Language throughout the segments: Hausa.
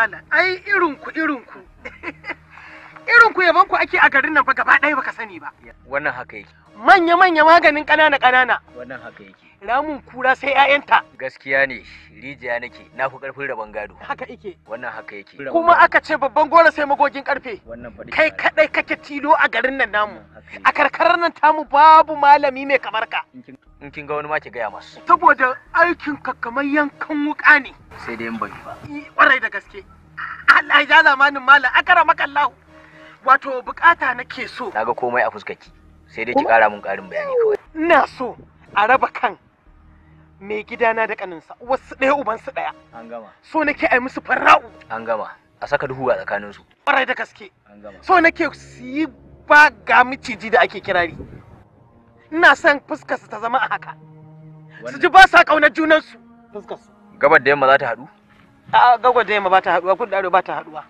malam ai irin ku irin ku irin ku yaban ku ake a garin nan fa gaba ɗaya baka sani ba wannan haka yake manya-manya maganin ƙanana-ƙanana. Wannan haka yake. Ramun kura sai ‘ya'yanta. Gaskiya ne, rijiya nake, na fi ƙarfin rabon gado. Haka yake. Wannan haka yake. Kuma aka ce babban gora sai magogin ƙarfe. Wannan faɗi. Kai kaɗai kake tilo a garin nan namu. A karkarar nan tamu babu malami mai kamar ka. In kin ga wani ma ki gaya masu. Saboda aikin ka kamar yankan wuƙa ne. Sai dai in bai ba. Ƙwarai da gaske. Allah ya zamanin malam, akara makallahu. Wato bukata nake so. Naga komai a fuskarki. sai dai ki kara mun karin bayani kawai ina so a raba kan mai gidana da kaninsa wasu ɗaya uban su ɗaya an gama so nake ai musu farra'u an gama a saka duhu a tsakanin su ƙwarai da gaske an gama so nake su yi ba ga miciji da ake kirari ina son fuskar su ta zama a haka su ji ba sa kaunar junan su fuskar su gabar da yamma za ta haɗu a gabar da yamma ba ta haɗuwa kun da ba ta haɗuwa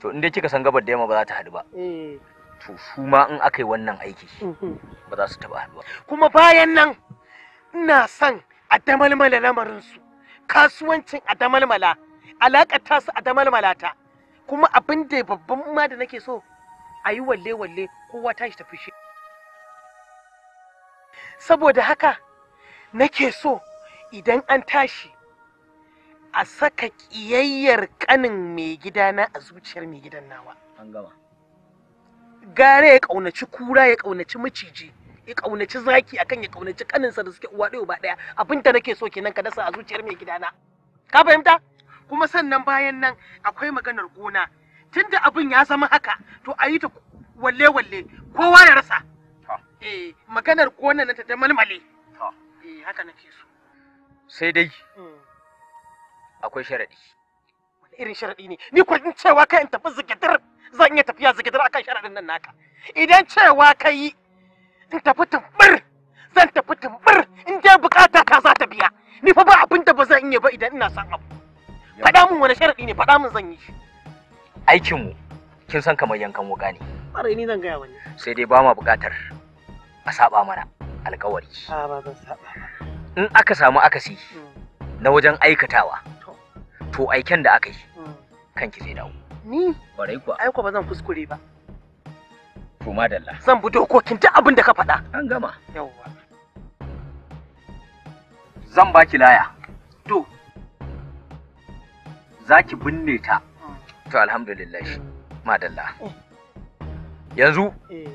to in dai kika san gabar da yamma ba za ta haɗu ba eh. to su ma in aka yi wannan aiki mhm. ba za su taba haɗuwa kuma bayan nan ina son a damalmala lamarin su kasuwancin a damalmala alaƙar su a damalmala ta kuma abin da babban ma da nake so a yi walle walle kowa ta tashi tafi shi saboda haka nake so idan an tashi a saka ƙiyayyar ƙanin mai gidana a zuciyar mai gidan nawa an gama Gara ya ƙaunaci kura ya ƙaunaci maciji ya ƙaunaci zaki akan ya ƙaunaci kaninsa da suke uwa ɗaya ba ɗaya abin da nake so kenan ka dasa a zuciyar mai gidana ka fahimta kuma sannan bayan nan akwai maganar gona tunda abin ya zama haka to a yi ta walle walle kowa ya rasa eh maganar gona na ta ta malmale eh haka nake so sai dai mm. akwai sharadi irin sharaɗi ne ni ko in cewa kai in tafi zikidir zan iya tafiya zikidir akan sharaɗin nan naka idan cewa kai in tafi tumbur zan tafi tumbur in dai bukata ka za ta biya ni fa ba abin da ba zan iya ba idan ina son abu faɗa min wani sharaɗi ne faɗa min zan yi shi aikin mu kin san kamar yankan wuka ne ƙwarai ni zan gaya wani sai dai ba ma bukatar a saba mana alƙawari a ba zan saba in aka samu akasi hmm. na wajen aikatawa to aiken da aka yi hmm. kanki zai dawo ni barai kuwa ai ba zan kuskure ba to madalla zan bi dokokin duk abin da ka faɗa an gama yawwa zan baki laya to za ki binne ta hmm. to alhamdulillah hmm. madalla eh. yanzu eh.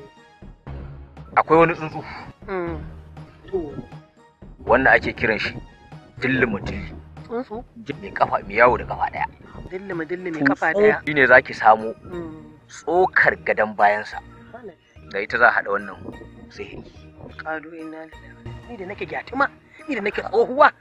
akwai wani tsuntsu wanda ake kiran shi dilli mutum su jirgin kafa mai yawo da kafa daya dillimi dillimi kafa daya shine zaki samu hmm. tsokar gadan bayansa da ita za a haɗa wannan sihiri kalu ina ni da nake gyatuma ni da nake tsohuwa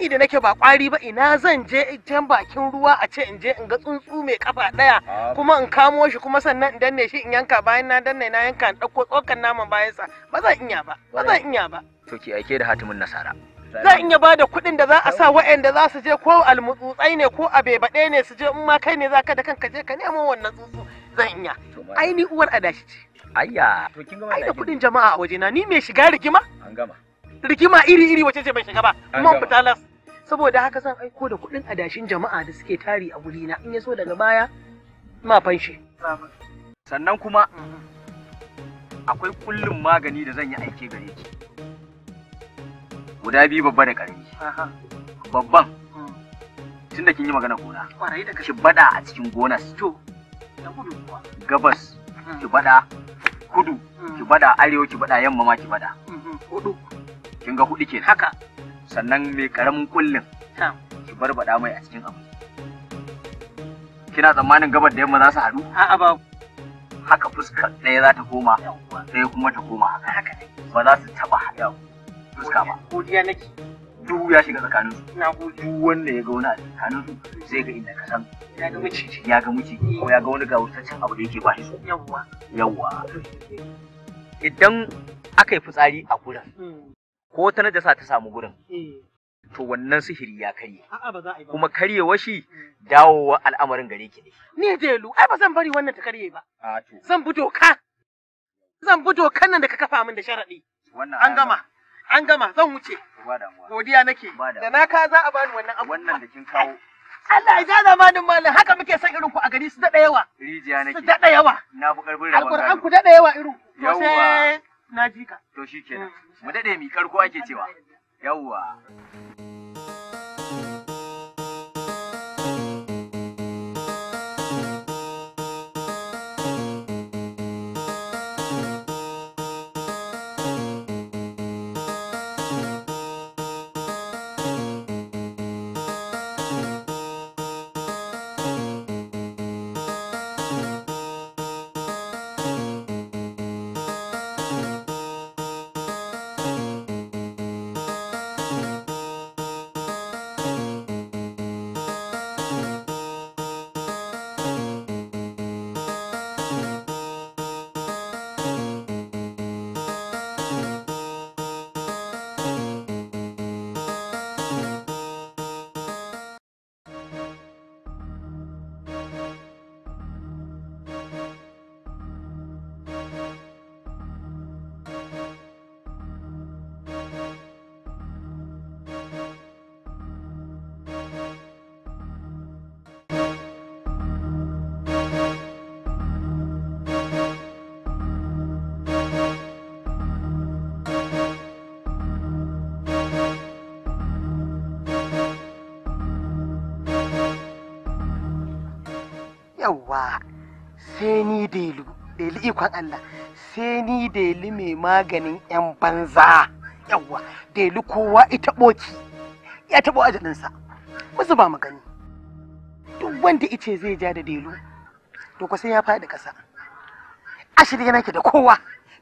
ni da nake ba kwari ba ina zan je can bakin ruwa a ce in je in ga tsuntsu mai kafa daya ah. kuma in kamo shi kuma sannan in danne shi in yanka bayan na danne na yanka in dauko tsokan naman bayansa ba zan iya ba ba zan iya ba to ki aike da hatimin nasara za in ya ba da kuɗin da za a sa waɗanda za su je ko almutsutsai ne ko baɗe ne su je in ma kai ne za ka da kanka je ka nemo wannan tsutsu zan iya ai ni uwar adashi ce ayya to kin gama ai da kuɗin jama'a a wajena ni mai shiga rigima an gama rigima iri iri wace ce ban shiga ba mun fita las saboda haka zan aiko da kuɗin adashin jama'a da suke tari a na in ya so daga baya ma fanshi sannan kuma mhm. akwai kullum magani da zan yi aiki gare ki guda biyu babba da ƙarfi babban hmm. tun da kin yi magana gona ki bada a cikin gonas gabas hmm. ki bada kudu hmm. ki bada arewa ki bada yamma ma ki bada hudu kin ga hudu kenan haka sannan mai karamin kullin ki bar bada mai a cikin abu kina tsammanin gabar da yamma za su haɗu a'a ba haka fuskar ɗaya za ta koma ɗaya kuma ta koma haka ba za su taɓa haɗu fuska ba godiya nake duhu ya shiga tsakanin su Na godiya duk wanda ya ga wani a tsakanin su zai ga inda ka san ya ga miciji ya ga miciji ko ya ga wani wutaccen abu da yake ba shi so yawwa yawwa idan aka yi fitsari a gurin hmm. ko ta na dasa ta samu gurin hmm. to wannan sihiri ya karye kuma karyewa shi dawowa al'amarin gare ki ne ni delu ai ba zan bari wannan ta karye ba zan bi doka zan bi dokan nan da ka kafa min da sharadi an gama An gama zan wuce. Godiya nake. Da na ka za a bani wannan abu. Wannan da kin kawo. Allah ya gana malin malin haka muke san irin ku a gari su daɗa yawa. Rijiya nake. Su daɗa yawa. Na fi ƙarfin rabon Alƙur'an ku daɗa yawa irin. To sai na ji ka. To shi kenan. Mm, Mu daɗe mi karko ake cewa. Yawwa. yawwa sai ni delu delu ikon Allah sai ni delu mai maganin yan banza yawwa delu kowa ita boki ya tabo ajalinsa musu ba magani duk wanda ice zai ja da delu to ko sai ya faɗi ƙasa yana ke da kowa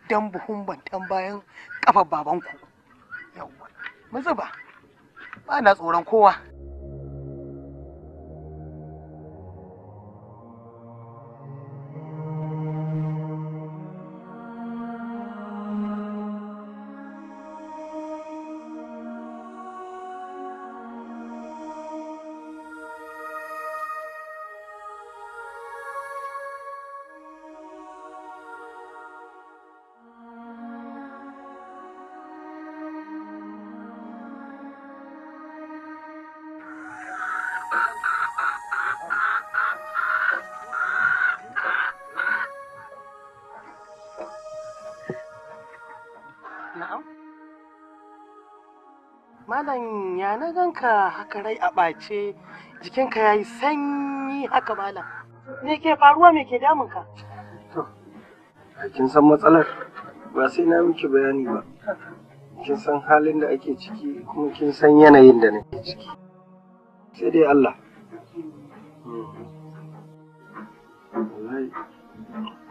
dan buhun bantan bayan kafar babanku yawwa musu ba ba na tsoron kowa jikinka haka rai a ɓace jikinka ya yi sanyi haka mala me ke faruwa me ke damunka to kin san matsalar ba sai na miki bayani ba kin san halin da ake ciki kuma kin san yanayin da nake ciki sai dai Allah hmm. wallahi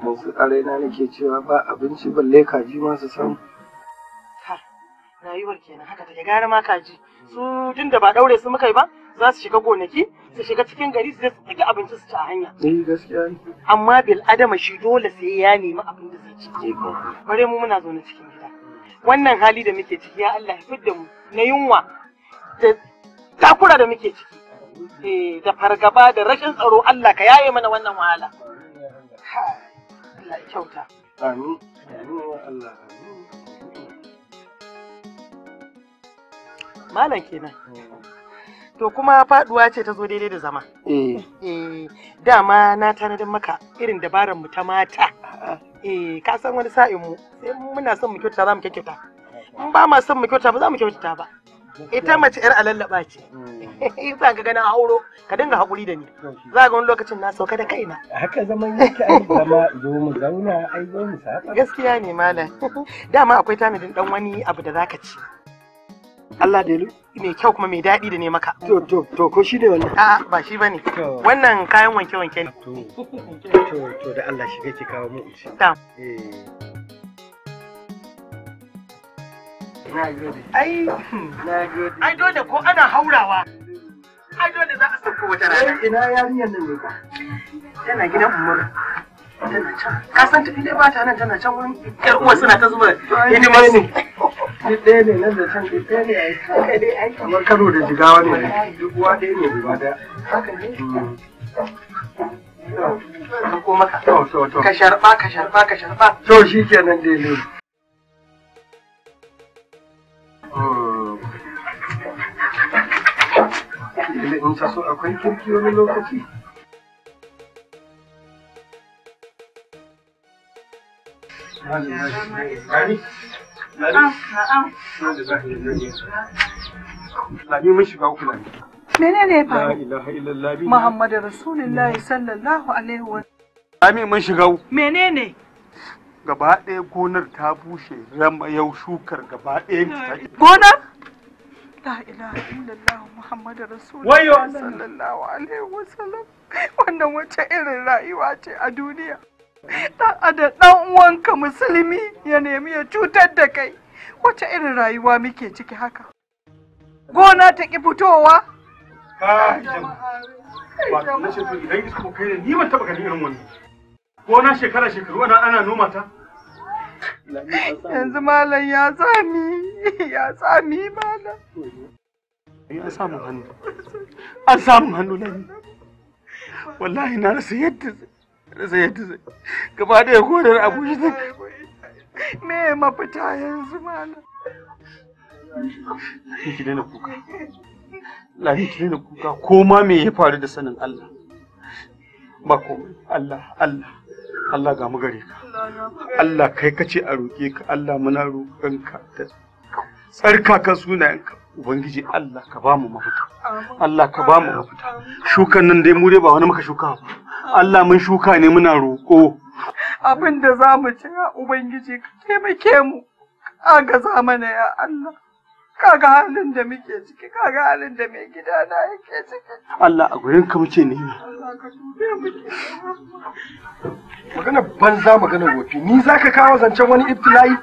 mun a raina nake cewa ba abinci balle kaji ma su samu rayuwar kenan haka take gara ma kaji su tunda ba daure su muka yi ba za su shiga gonaki su shiga cikin gari su je su abinci su ci a hanya. Eh gaskiya Amma bil adama shi dole sai ya nemi abin da zai ci. Eh, Bare mu muna zaune cikin gida. Wannan hali da muke ciki ya Allah ya fidda mu na yunwa da takura da muke ciki. Eh da fargaba da rashin tsaro Allah ka yaye mana wannan wahala. Allah ya kyauta. Amin. Amin Allah. Amin. malam kenan to kuma faduwa ce ta zo daidai da zama eh, eh dama na tanadin maka irin dabaran mu ta mata eh ka san wani sa'in mu sai muna son mu kyauta za mu kyauta in ba ma son mu kyauta ba za mu kyauta ba ita mace yar alallaba ce in hmm. za ga gana auro ka dinga hakuri da ni za ga wani lokacin na sauka da kaina haka zaman yake ai zama zo mu zauna ai zo mu sa gaskiya ne malam dama akwai tanadin dan wani abu da zaka ci Allah da mai kyau kuma mai daɗi da ne maka. To to to ko shi ne wannan? A'a ba shi bane. Wannan kayan wanke wanke ne. To to to da Allah shi kake kawo mu. Ta. Eh. Ai, ai dole ko ana haurawa. Ai dole za a sauko wata rana. Ina yarinyar nan ne ba. Tana gidan umar. Ka san tafi ne ba ta nan tana can wani. ƴar uwa suna ta zuba hidimar su. duk ɗaya ne nan da san duk ɗaya ne a yi haka dai kamar da jigawa ne duk uwa ɗaya ne gaba ɗaya haka ne ka ka ka to shi dai ne in ta so akwai kirki wani lokaci Thank you. Lami mun shiga uku lami. Menene fa? La ilaha illallah. Muhammadu Rasulullah sallallahu alaihi wa Lami mun shiga uku. Menene? Gaba ɗaya gonar ta bushe rama yau shukar gaba ɗaya ta La ilaha illallah Muhammadu Rasulullah sallallahu alaihi wa Wannan wace irin rayuwa ce a duniya? da ɗan uwanka musulmi ya nemi ya cutar da kai wace irin rayuwa muke ciki haka gona ta ki fitowa idan isko kai ne ni ban taɓa ganin irin wannan gona shekara shekaru ana ana noma ta yanzu malam ya sami ya sami malam an samu hannu an samu hannu na wallahi na rasa yadda rasa yadda zai gaba da ya kodar abu shi ta me mafita yanzu malam ki daina kuka lafi ki daina kuka ko ma me ya faru da sanin Allah ba komai Allah Allah Allah ga mu gare ka Allah kai ka ce a roƙe ka Allah muna roƙonka da Tsarka tsarkaka sunayenka ubangiji Allah ka ba mu mafita Allah ka ba mu shukan nan dai mu dai ba wani muka shuka ba Allah mun shuka ne muna roƙo abin da za mu ci ubangiji ka taimake mu kaga zamana ya Allah kaga halin da muke ciki kaga halin da mai gida na yake ciki Allah a gurin ka muke ne magana banza magana gofi ni zaka kawo zancen wani ibtila'i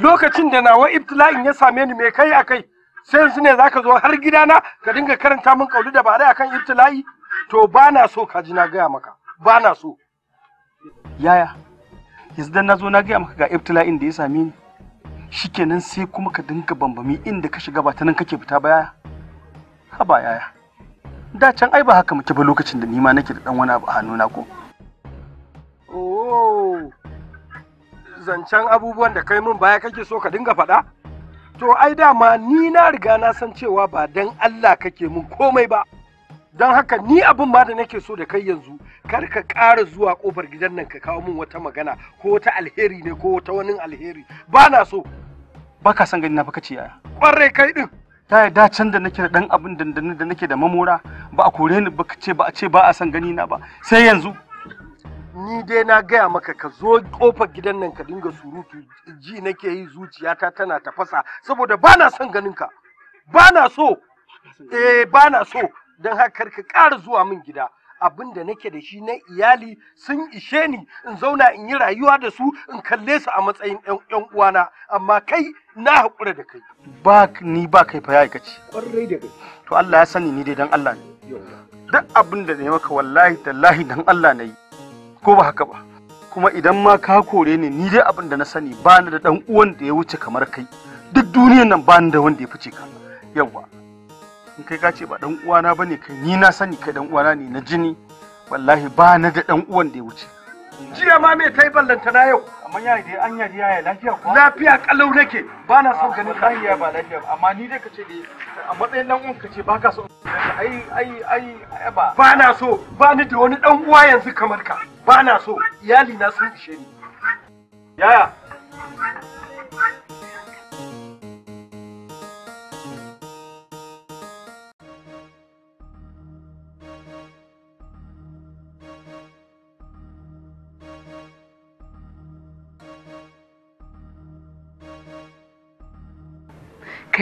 lokacin da nawa ibtila'in ya same ni me kai akai sai yanzu ne zaka zo har gidana ka dinga karanta min kauli da bare akan ibtila'i to ba na so ka ji na gaya maka ba na so yaya yanzu dan na zo na gaya maka ga ibtila'in da ya same ni shikenan sai kuma ka dinga bambami inda ka shiga ba ta nan kake fita ba yaya ba yaya da can ai ba haka muke ba lokacin da nima nake da dan wani abu a hannuna ko oh zancen abubuwan da kai min baya kake so ka dinga faɗa to ai dama ni na riga na san cewa ba dan Allah kake mun komai ba don haka ni abin ma da nake so da kai yanzu kar ka ƙara zuwa ƙofar gidan nan ka kawo min wata magana ko wata alheri ne ko wata wani alheri ba na so baka san gani na baka ce yaya ƙwarai kai din ta da can da nake da dan abin da nake da mamora ba a kore ni ba ce ba a ce ba a san gani na ba sai yanzu ni dai na gaya maka ka zo kofar gidan nan ka dinga surutu ji nake yi zuciyata tana tafasa saboda ba na son ganin ka ba na so eh ba na so don haka ka ƙara zuwa min gida abin da nake da shi na iyali sun ishe ni in zauna in yi rayuwa da su in kalle su a matsayin yan uwana amma kai na haƙura da kai ba ni ba kai fa ya kace ƙwarai da kai to Allah ya sani ni dai dan Allah ne duk abin da ne maka wallahi tallahi dan Allah ne ko ba haka ba kuma idan ma ka kore ni ni dai abin da na sani ba ni da dan uwan da ya wuce kamar kai duk duniyan nan ba ni da wanda ya fice ka yawa in kai ka ce ba dan uwana bane kai ni na sani kai dan uwana ne na jini wallahi ba ni da dan uwan da ya wuce ka jiya ma me ta yi ballanta na yau amma ya dai an yaji ya lafiya kuwa lafiya kalau nake ba na son ganin ya ba lafiya ba amma ni dai ka ce dai a matsayin dan uwan ka ce ba ka so ai ai ai ba ba na so ba ni da wani dan uwa yanzu kamar ka ba na so iyali na sun ishe ni yaya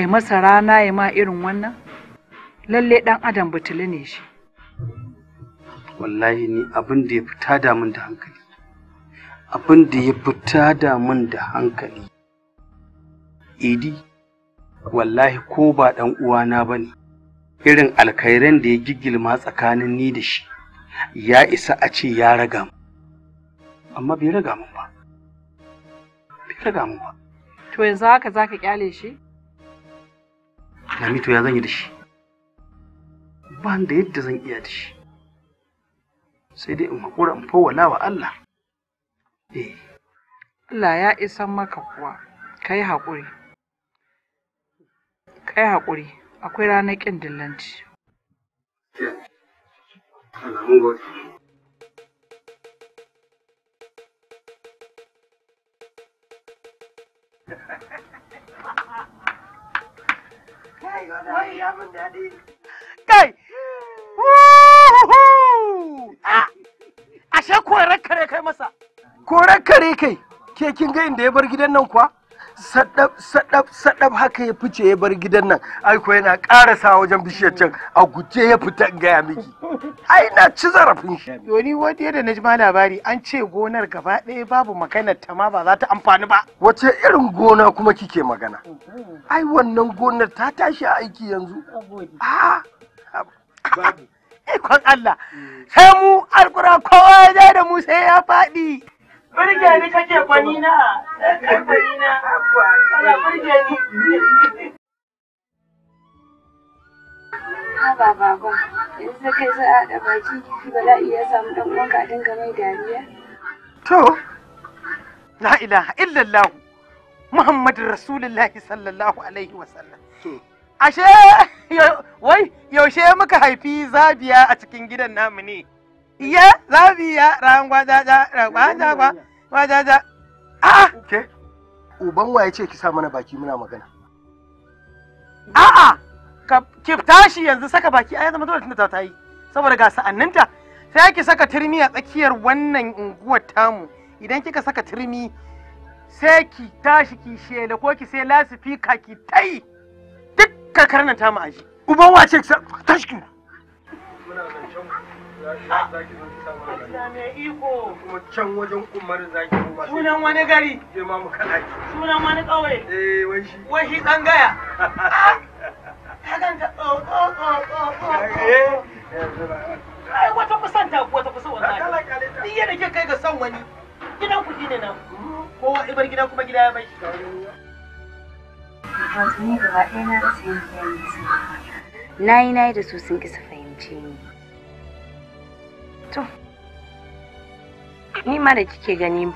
kai masa rana ya ma irin wannan lalle dan adam butuli ne shi wallahi ni abin da ya fita da min da hankali abin da ya fita da min da hankali idi wallahi ko ba dan uwana ba ne irin alkhairan da ya giggilma tsakanin ni da shi ya isa a ce ya raga mu amma bai raga mu ba bai raga mu ba to yanzu haka zaka kyale shi Lamito ya zan yi da shi. Ba da yadda zan iya da shi. Sai dai in haƙura in fawwala wa Allah. Eh. Allah ya isan maka kuwa, ka yi haƙuri. Ka haƙuri, akwai ranar ƙin dillanci. Yeah. Wai ya Kai! Ah! Ashe kare kai masa. Korar kare kai, ke kin ga da ya bar gidan nan kuwa? sadab haka ya fice ya bar gidan nan aiko yana karasa wajen bishiyar can a guje ya fita gaya miki ai na ci zarafin shi to ni wani da na ji ma labari an ce gonar gaba ɗaya babu maganar ta ma ba za ta amfani ba wace irin gona kuma kike magana ai wannan gonar ta tashi a aiki yanzu a ikon Allah sai mu alkura kowa ya da mu sai ya faɗi Birge ni kake kwani na. Kwani na. Kana birge ni. Haba baba, yanzu kai za a haɗa baki bala'i ya samu ɗan uwanka a dinga mai dariya. To, la ilaha illallah Muhammadu Rasulullahi sallallahu alaihi wasallam. Ashe, wai, yaushe muka haifi zabiya a cikin gidan namu ne. iya lafiya rangwa jaja rangwa jagwa wa jaja a ah! ke uban waye ce ki sa mana baki muna magana a'a ka ki tashi yanzu saka baki ai zama dole tunda ta yi saboda ga sa'anninta sai ki saka turmi a tsakiyar wannan unguwar tamu idan kika saka turmi sai ki tashi ki shela ko ki sai lasifika ki tai duk karnan tamu aji uban wace ki tashi ki muna zancen iko kuma can wajen kumarin zaki koma sunan wani gari je ma mu kada sunan wani kauye eh wai shi wai dan gaya kagan ka o o o o ai wata kusanta ko wata kusa wallahi ni yana ke kai ga san wani gidan ku shine nan mm-hmm. kowa ibar gida kuma gida ya bai shi Wasu ni gaba ɗaya na rasa yin kiyaye su. Na yi na yi da su sun kisa fahimce ni. To, ni ma da kike gani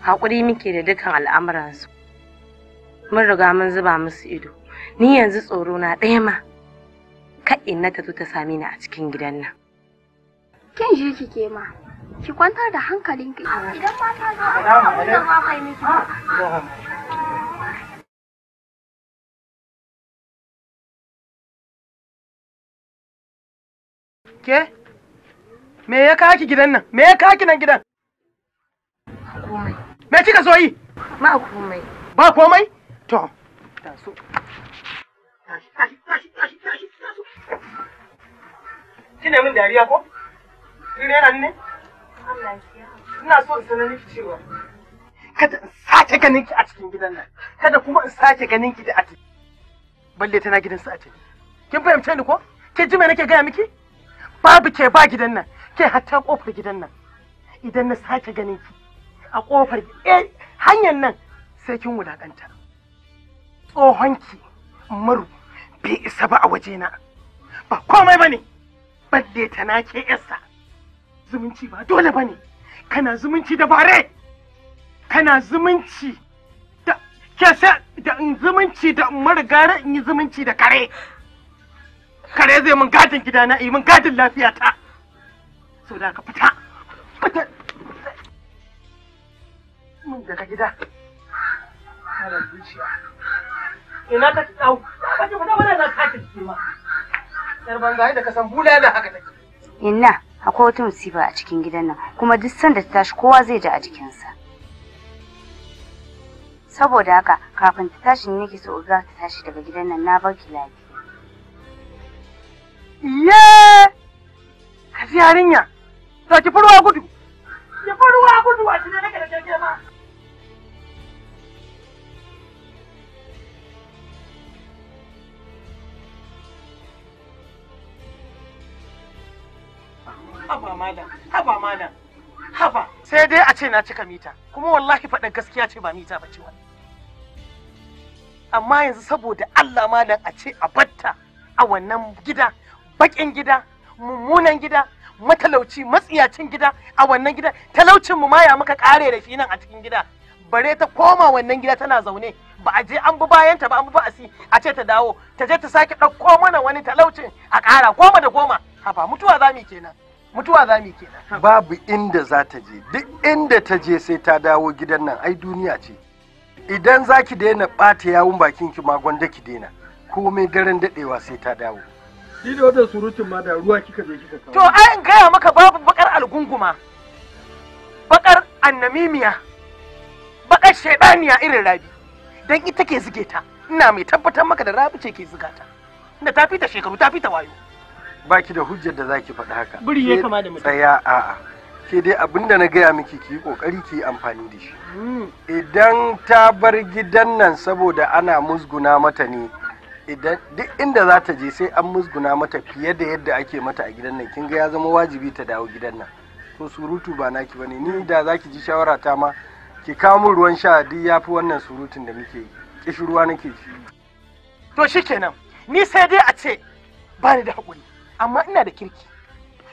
haƙuri muke da dukan al'amuransu. Mun riga mun zuba musu ido. Ni yanzu tsoro na ɗaya ma. Kaɗin na zo ta sami ni a cikin gidan nan. Kin shi kike ma. Ki kwantar da hankalinki. Idan ma ta zo, ba za kai miki. okay. me ya kaki gidan nan me ya kaki nan gidan komai me kika zo yi ba komai ba komai to taso tashi tashi tashi tashi tashi kina min dariya ko kin rena ne Allah ya ina so in sanar miki cewa kada in sake ganin ki a cikin gidan nan kada kuma in sake ganin ki da ati balle tana gidan su a ce kin fahimce ni ko kin ji me nake gaya miki babu ke ba gidan nan ke hatta kofar gidan nan idan na sake ganin ki a kofar eh hanyar nan sai kin wulakanta tsohon ki maru bai isa ba a waje na ba komai bane balle ta na ke yarsa zumunci ba dole bane kana zumunci da bare kana zumunci da ke da in zumunci da marigara in yi zumunci da kare kare zai mun gadin gidana yi mun gadin lafiyata da ina inna akwai wata musiba a cikin gidan nan kuma duk sanda ta tashi kowa zai ji a jikinsa saboda haka kafin ta tashi ne nake so ga ta tashi daga gidan nan na bar ki lafiya yeah! Tashi yarinya. To ki furwa gudu. Ki furwa gudu a cikin nake da kake ma. Haba malam, haba malam. Haba. Sai dai a ce na cika mita, kuma wallahi faɗin gaskiya ce ba mita ba ce wani. Amma yanzu saboda Allah madan a ce a batta a wannan gida, baƙin gida, mummunan gida matalauci matsiyacin gida a wannan gida talaucin mu ma ya muka kare da shi nan a cikin gida bare ta koma wannan gida tana zaune ba a je an bi bayan ta ba an bi ba'asi a ce ta dawo ta je ta sake ɗauko mana wani talaucin a kara goma da goma haba mutuwa za mu kenan mutuwa za mu kenan babu inda za ta je duk inda ta je sai ta dawo gidan nan ai duniya ce idan za ki daina ɓata yawun bakin ki ma gwanda ki daina komai garin daɗewa sai ta dawo Ni da wata surutun ma da ruwa kika zo kika kawo. To ai in gaya maka babu bakar algunguma. Bakar annamimiya. Bakar shaidaniya irin rabi. Dan ita ke zige ta. Ina mai tabbatar maka da rabi ce ke ziga ta. Da ta fita shekaru ta fita wayo. Baki da hujjar da zaki faɗi haka. Buri ya kama da mutum. Tsaya a'a. Ke dai abinda na gaya miki ki yi ƙoƙari, ki yi amfani da shi. Hmm. Idan ta bar gidan nan saboda ana musguna mata ne. idan duk inda za ta je sai an musguna mata fiye da yadda ake mata a gidan nan kin ga ya zama wajibi ta dawo gidan nan to surutu ba naki bane ni da zaki ji shawara ta ma ki kawo min ruwan sha duk yafi wannan surutun da muke yi kishi ruwa nake shi to shikenan ni sai dai a ce ba ni da hakuri amma ina da kirki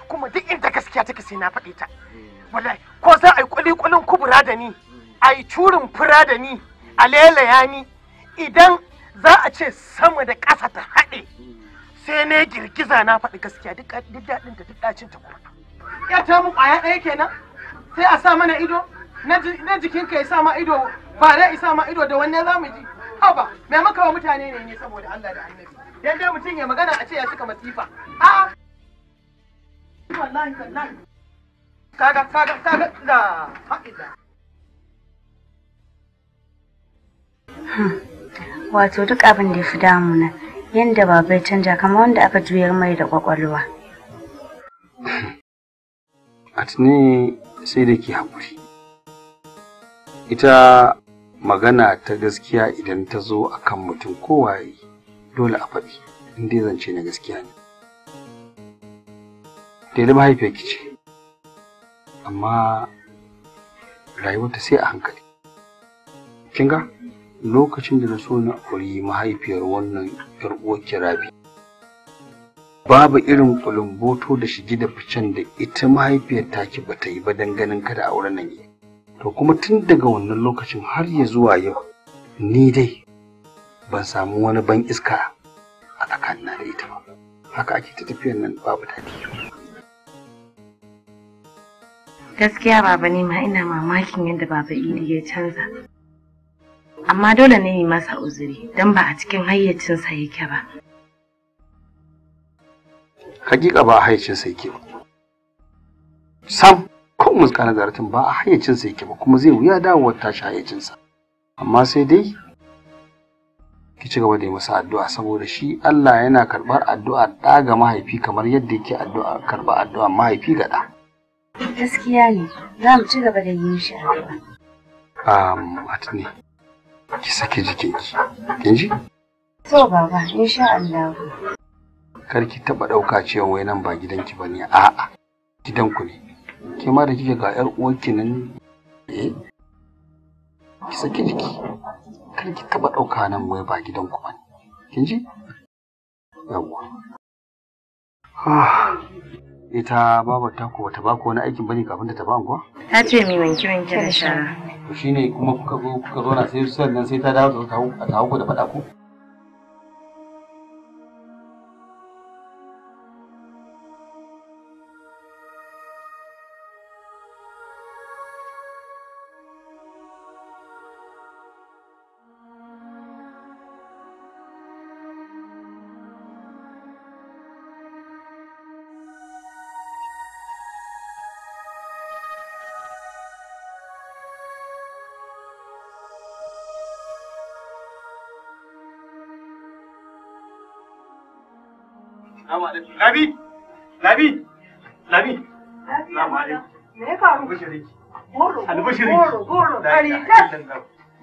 kuma duk inda gaskiya take sai na faɗi ta hmm. wallahi ko za a yi kulin kubura da ni a yi curin fura da ni a ni idan za a ce sama da ƙasa ta haɗe sai ne girgiza na faɗi gaskiya duk daɗin ta duk ɗacin ta kuma ya ta mu ƙwaya ɗaya kenan sai a sa mana ido na jikin ka ya sa ma ido ba da isa ma ido da wannan za mu ji haba mai maka wa mutane ne ne saboda Allah da Annabi Yadda mutum ya magana a ce ya suka masifa a wallahi wallahi kaga kaga kaga da da. wato duk abin da ya fi damuna yadda baba ya canja kama wanda aka juyar mai da kwakwalwa. a tuni sai da ke haƙuri ita magana ta gaskiya idan ta zo a kan mutum kowaye dole a faɗi inda ya zance na gaskiya ne daidai mahaifiyarki ce amma rayuwarta sai a hankali kinga. lokacin da na so na auri mahaifiyar wannan yar uwarki rabi babu irin kulumboto da shige da ficen da ita mahaifiyar taki ba ta yi ba don ganin kada auren nan yi to kuma tun daga wannan lokacin har ya zuwa yau ni dai ban samu wani ban iska a tsakanin da ita ba haka ake ta tafiyar nan babu daɗi gaskiya baba ne ma ina mamakin yadda baba idi ya canza amma dole ne yi masa uzuri don ba a cikin hayyacinsa yake ba. Hakika ba a hayyacinsa yake ba. Sam, kan muska nazaratin ba a hayyacinsa yake ba kuma zai wuya dawowar tashi hayyacinsa. Amma sai dai ki ci gaba da yi masa addu'a saboda shi Allah yana karɓar addu'a ɗa ga mahaifi kamar yadda yake addu'a karɓar addu'a mahaifi ga ɗa. Gaskiya ne, za mu ci gaba da yin shi addu'a. Um, atini. ki sake jikinki kin ji to baba insha Allah kar ki taba dauka cewa wai nan ba gidanki bane a'a gidanku ne ke ma da kike ga yar uwarki nan eh ki sake jiki kar ki taba dauka nan wai ba gidanku bane kin ji yawwa ah ita babar taku bata ba ko wani aikin bane kafin ta tafi anguwa? Ta ce mai wanke wanke da shara. To shine kuma kuka zo kuka zo na sai sannan sai ta dawo ta hau da faɗa ku?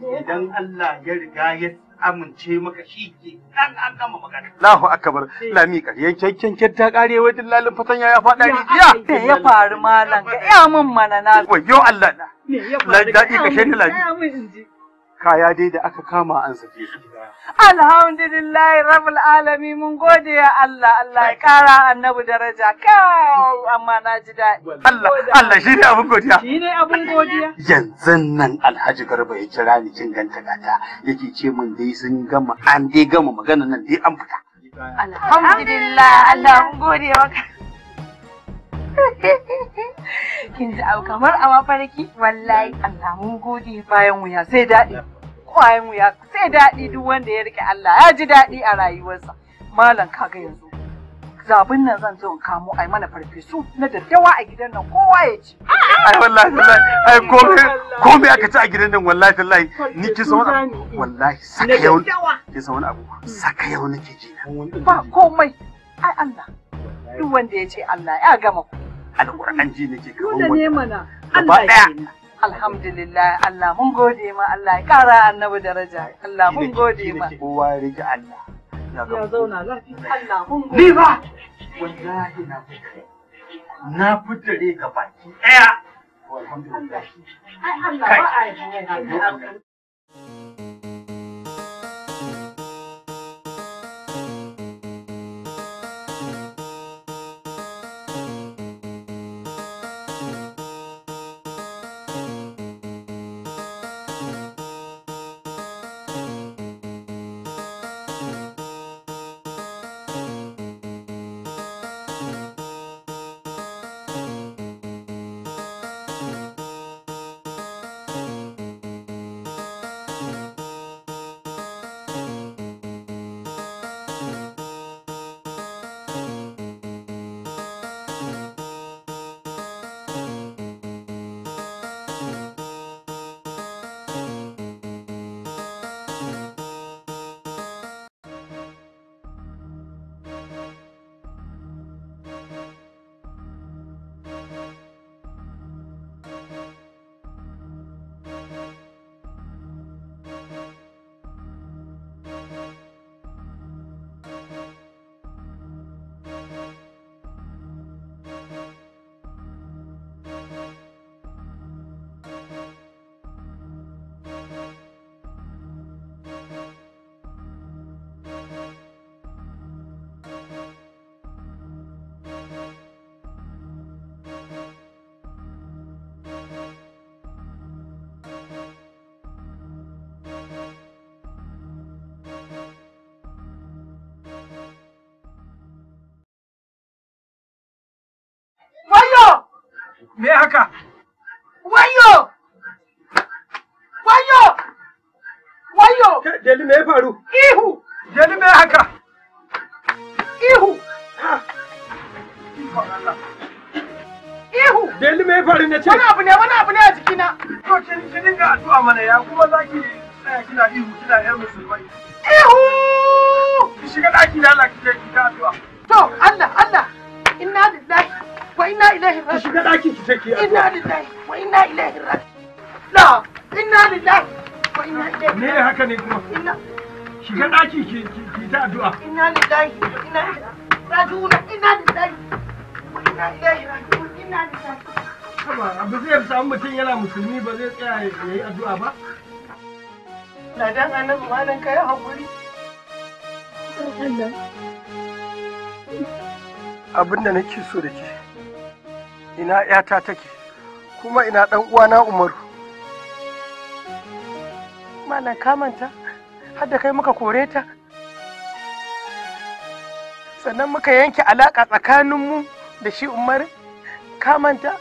idan Allah ya riga ya amince maka shi ke an an gama magana Allahu akbar lami ƙaryen kyakken ta ƙare wai dillalin fatan ya faɗa rijiya da ya faru malam ga ya mun mana wayo Allah na la da ka shedi kaya dai da aka kama an sake su. Alhamdulillah rabul alami mun gode ya Allah Allah ya kara annabi daraja kai amma na ji daɗi. Allah Allah shi ne abin godiya. Shi ne abin godiya. Yanzu nan Alhaji Garba ya kira ni cin ganta gata yake ce min dai sun gama an dai gama magana nan dai an fita. Alhamdulillah Allah mun gode maka. kin ji abu kamar a mafarki wallahi Allah mun gode bayan wuya sai daɗi kwayan wuya sai daɗi duk wanda ya rike Allah ya ji daɗi a rayuwarsa malam kaga yanzu zabin nan zan zo in kamo ai mana farfesu na daddawa a gidan nan kowa ya ci ai wallahi wallahi ai komai komai aka ci a gidan nan wallahi wallahi ni ki san wallahi saka yau ki san wani abu saka yau nake ji ba komai ai Allah duk wanda ya ce Allah ya gama ku alƙur'an ji nake kawo ne mana Allah ya alhamdulillah Allah mun gode ma Allah ya ƙara annabi daraja Allah mun gode ma kowa ya rike Allah ya zauna lafiya Allah mun gode ni ba wallahi na fitare na fitare ka baki ɗaya alhamdulillah ai Allah ba a yi me haka wayo wayo wayo jeli me faru ihu jeli me haka ihu ihu jeli me faru ne ce wani abu ne wani abu ne a na to kin kin ga addu'a mana ya kuma zaki tsaya kina ihu kina yar musulmai ihu ki shiga daki na Allah ki je ki ta ki shiga ɗakin ki take addu'a inna lillahi wa inna ilaihi raji'un la inna lillahi wa inna ilaihi ne haka ne kuma inna shiga ɗaki ki ki ta addu'a inna lillahi wa inna raji'un inna lillahi wa inna inna lillahi ba zai samu mutum yana musulmi ba zai tsaya ya yi addu'a ba na dan anan kai hakuri abin da nake so da ke ina ‘yata take kuma ina ɗan uwana umaru malam kamanta har da kai muka kore ta sannan muka yanke alaƙa tsakaninmu da shi umaru kamanta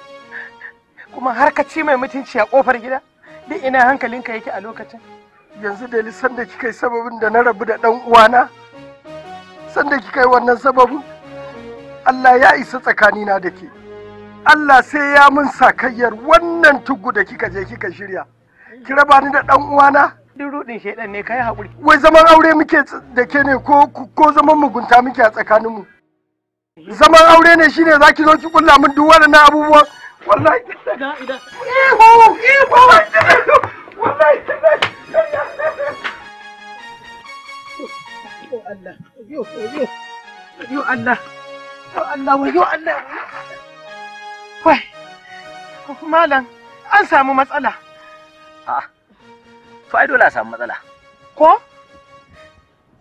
kuma har ka ci mai mutunci a ƙofar gida duk ina hankalinka yake a lokacin yanzu da lissan da kika sababin da na rabu da ɗan uwana sanda kika yi wannan sababu. Allah ya isa tsakanina da ke. Allah sai ya mun sakayyar wannan tugu da kika je kika shirya ki ba ni da dan uwana duk rudin shaidan ne kai haƙuri wai zaman aure muke da ke ne ko ko zaman mugunta muke a tsakanin mu zaman aure ne shine zaki zo ki kulla min duk waɗannan abubuwa. wallahi ihu ihu wallahi yo Allah yo Allah yo Allah yo Allah Wai, malam, an samu matsala. A'a, ai dole a samu matsala. Ko?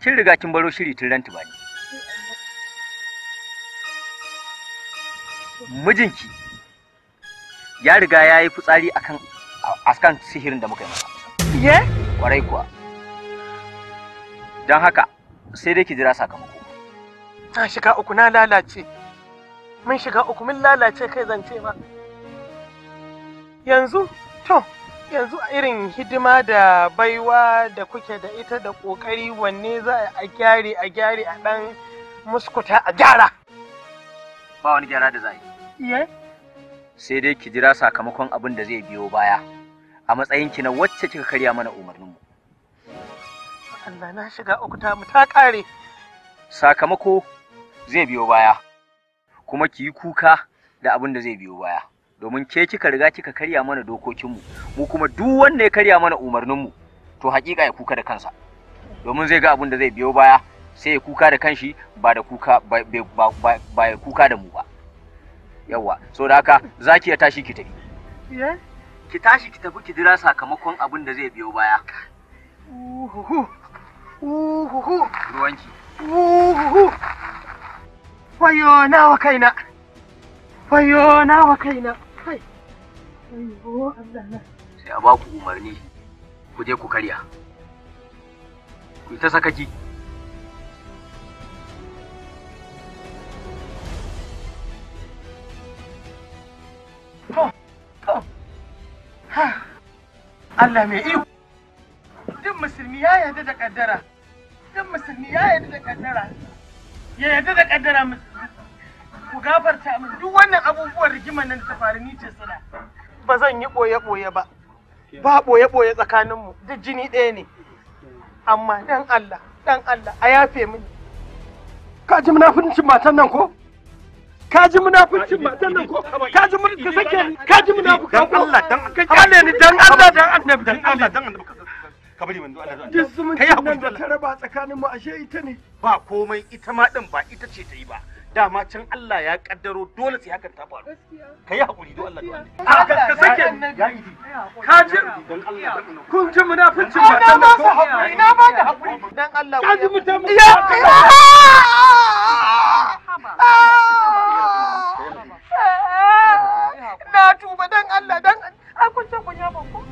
Kin riga kin baro shiri tun ranti bani. Mijinki ya riga ya yi fitsari akan askan sihirin da muka yi masa. Ye? Kwarai kuwa. Don haka, sai dai ki jira sakamako. Na shiga uku na lalace. mun shiga uku mun lalace kai zance ma yanzu to yanzu a irin hidima da baiwa da kuke da ita da kokari wanne za a gyare a gyare a dan muskuta a gyara ba wani gyara da zai yi sai dai ki jira sakamakon abin da zai biyo baya a matsayin ki na wacce kika karya mana umarnin mu Allah na shiga uku ta mu ta kare sakamako zai biyo baya kuma ki yi kuka da abin da zai biyo baya domin ke kika riga kika karya mana dokokinmu mu kuma duk wanda ya karya mana umarninmu to hakika ya kuka da kansa domin zai ga abin da zai biyo baya sai ya kuka da kanshi ba da kuka ba ya kuka da mu ba yawa so da haka zaki ya tashi ki tafi ki tashi ki tafi ki jira sakamakon abin da zai biyo baya uhuhu uhuhu ruwanki uhuhu Wayo nawa kaina. Wayo nawa kaina. Kai. Sai a baku umarni. Ku je ku karya. Ku ta sakaki. Allah mai iko. Duk musulmi ya yarda da kaddara. Duk musulmi ya yarda da kaddara. ya yarda da kaddara musu ku gafarta min duk wannan abubuwan rigimar nan ta faru ni ce suna ba zan yi boye boye ba ba boye boye tsakanin mu duk jini ɗaya ne amma dan Allah dan Allah a yafe mini ka ji munafincin matan nan ko ka ji munafincin matan nan ko ka ji mun ka sake ka ji dan Allah dan ka dan Allah dan Allah dan Allah dan Allah ka bari manzo Allah duk zumuncin nan da ta raba tsakanin mu ashe ita ne ba komai ita ma din ba ita ce ta yi ba dama can Allah ya kaddaro dole sai hakan ta faru ka yi hakuri don Allah don a ka sake ka ji kun ji munafincin ba ta na ba hakuri. na ba da haƙuri dan Allah ka ji mutum ya ah! na tuba don Allah don ai ah, kun ce kun yaba ko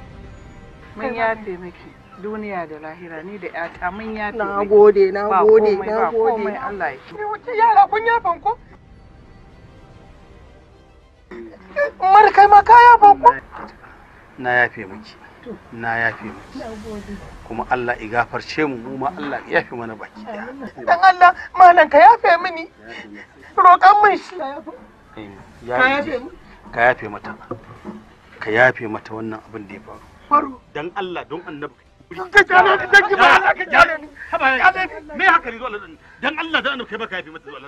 mun yafe miki duniya da lahira ni da yata mun yafe na gode na gode na gode Allah ya ki wuce yara kun ya fanko. mar kai ma ka ya fanko. na yafe miki na fi miki kuma Allah ya gafarce mu mu ma Allah ya yafe mana baki dan Allah malan ka yafe mini roƙan mun shi ya yafe eh, ka fi mata ka yafe mata wannan abin da ya faru dan Allah don annabi ka kyale ni dangi ba Allah ka ni kyale ni me haka ni dan Allah da annabi kai ba ka yafe mata zuwa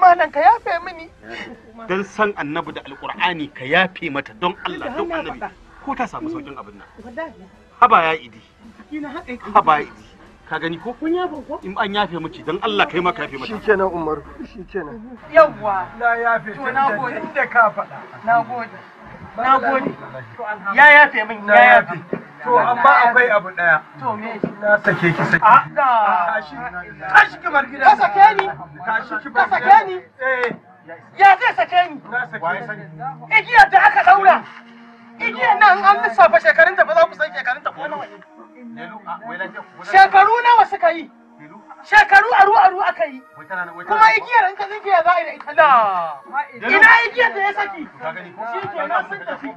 malan ka yafe mini dan san annabi da alqur'ani ka yafe mata don Allah don annabi ko ta samu saukin abin nan haba ya idi haba ya idi ka gani ko kun yafe ko in an yafe miki dan Allah kai ma ka yafe mata shikenan Umar shikenan yawwa na yafe to na gode ka faɗa na gode na gode ya yafe min ya yafe To amma akwai abu ɗaya. To me na sake ki sake. A ah, da tashi tashi ki bar gidan. Ka sake ni. Tashi ki bar gidan. Ka sake ni. Eh. Ya zai sake ni. Na sake ni. Igiyar da aka daura. Igiyar nan an lissafa shekarun ta ba za ku san shekarun ta ko nawa ne. Shekaru nawa suka yi? Shekaru aru aru aka yi. Kuma igiyar in ka zinke ya za a yi da ita. Ina igiyar da ya saki? Shi ke nan sun tafi.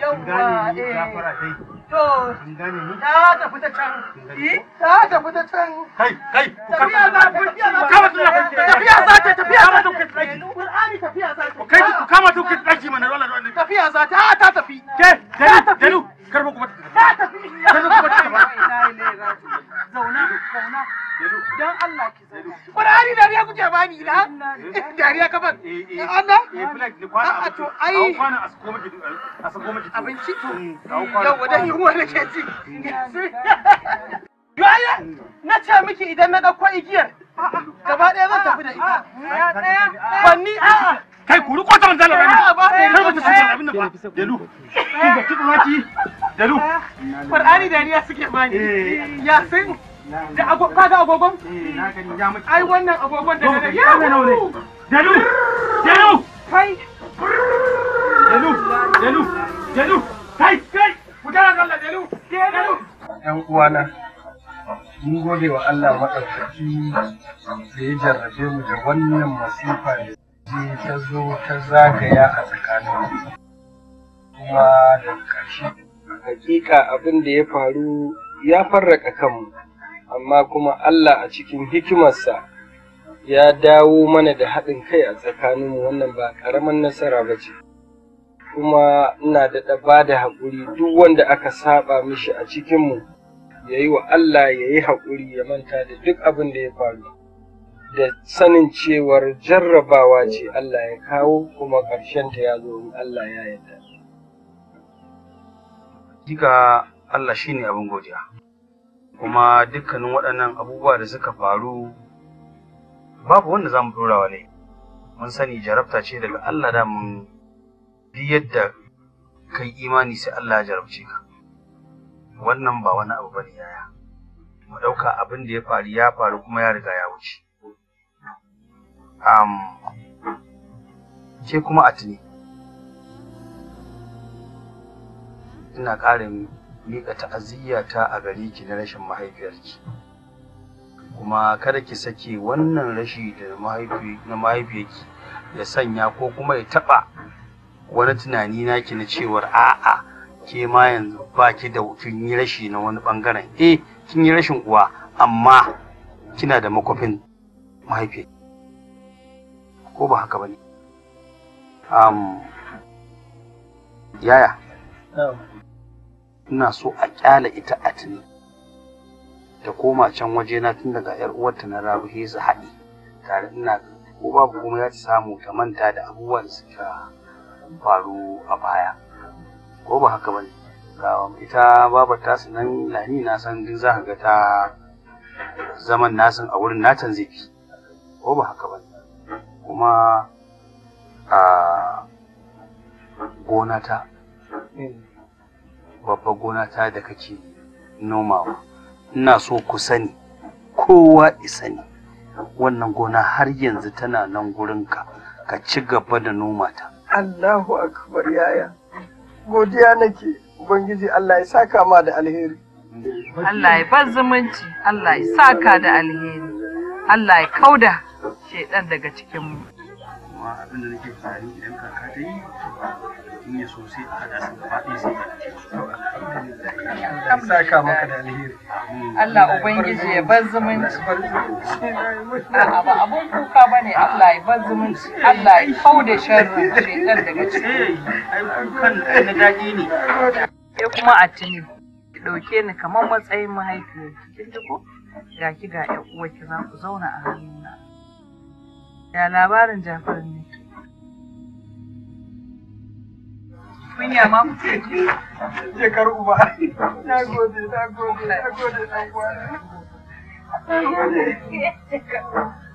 yawwa eh to ta tafi eh, ta can ta tafi ta can kai kai tafiya za ta tafiya za ta eh, tafiya za ta Qur'ani tafiya za ta kai ku kama ta kai tsaki mana wallahi tafiya za ta ta tafi ke danu danu kar mu kuma ta tafi kar mu kuma ta ba zauna zauna dan Allah ki zauna wani hari dariya kuke bani ila. dariya ka ban eh, eh. Allah eh, a to ai abinci to yau wadan yunwa nake ci mm. Yaya, na ce miki idan na ɗauko igiyar, gaba ɗaya zan tafi da ita. Ɗaya, a'a. kai ku riko ta manzala ba kai ba ta san abin nan ba dalu kin ga kika mati dalu qur'ani dariya suke bani eh. eh, ya sai da agogo kaga agogon ai wannan agogon da na ya dalu dalu kai dalu dalu kai kai ku da Allah dalu dalu ɗan uwana mun gode wa Allah maɗaukaki da ya jarrabe mu da wannan masifa ne je ta zo ta zagaya a tsakanin kuma da ƙarshe hakika abin da ya faru ya farraka kanmu amma kuma Allah a cikin hikimarsa ya dawo mana da haɗin kai a tsakaninmu wannan ba ƙaramin nasara ba ce kuma ina da ba da haƙuri duk wanda aka saba mishi a cikinmu ya yi wa Allah ya yi haƙuri ya manta da duk abin da ya faru da sanin cewar jarrabawa ce Allah ya kawo kuma ƙarshenta ya zo in Allah ya yarda. Dika Allah shi ne abin godiya, kuma dukkanin waɗannan abubuwa da suka faru babu wanda za mu ɗorawa ne. Mun sani jarabta ce daga Allah da mun bi yadda kai imani sai Allah ya jarabce ka. Wannan ba wani abu bane yaya. Mu ɗauka abin da ya faru ya faru kuma ya riga ya wuce. ke kuma a tuni ina ƙarin miƙa ta a gari ki na rashin mahaifiyarki kuma kada ki sake wannan rashi da na mahaifiyarki ya sanya ko kuma ya taɓa wani tunani naki na cewar a'a ke ma yanzu ba ki da kin yi rashi na wani bangaren eh kin yi rashin uwa amma kina da makwafin mahaifiyarki. ko ba haka ba ne um, yaya ina so a kyala ita atini ta koma can waje na tun daga yar uwarta na rabuhe su haɗi tare ina ko babu kuma ya samu ta manta da abubuwan su suka faru a baya ko ba haka ba ne ga ita babar tasu nan lani na san duk za ka ga ta zaman nasin a wurin natan zai fi ko ba haka ba ne kuma a gonata eh. babba gonata da kake nomawa ina so ku sani kowa isani wannan gona har yanzu tana nan gurinka ka ci gaba da noma ta Allahu akbar yaya godiya nake ubangiji Allah ya saka ma da alheri Allah ya bar zumunci Allah ya saka da alheri Allah ya kauda shedan daga cikin mu kuma abin da nake fari idan kaka ta yi in ya so sai a hada su gaba ɗaya sai a Allah ka maka da alheri Allah ubangiji ya bar zumunci ba abun kuka bane Allah ya bar zumunci Allah ya kau da sharri shedan daga cikin kan na daɗi ne ya kuma a tuni ki ɗauke ni kamar matsayin mahaifiyar ki ko ga ki ga ƴan uwa ki za ku zauna a hannuna Ya labarin Jafar ne. Kunya ma kuke ji? Je kar uba. Na gode, na gode, na gode, na gode. Na gode.